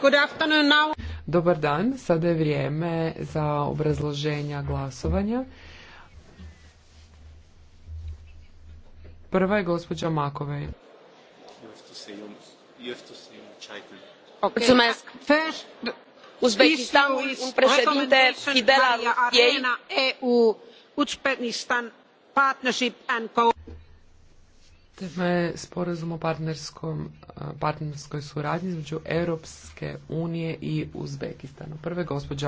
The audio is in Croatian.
Good afternoon Dobar dan, sada je vrijeme za obrazloženja glasovanja. Prva je gospođa Makovej. u Uzbekistan, un Fidela fidel al EU, e Uzbekistan Partnership and je sporazum o partnerskom, partnerskoj suradnji između Europske unije i Uzbekistanu. Prve gospođa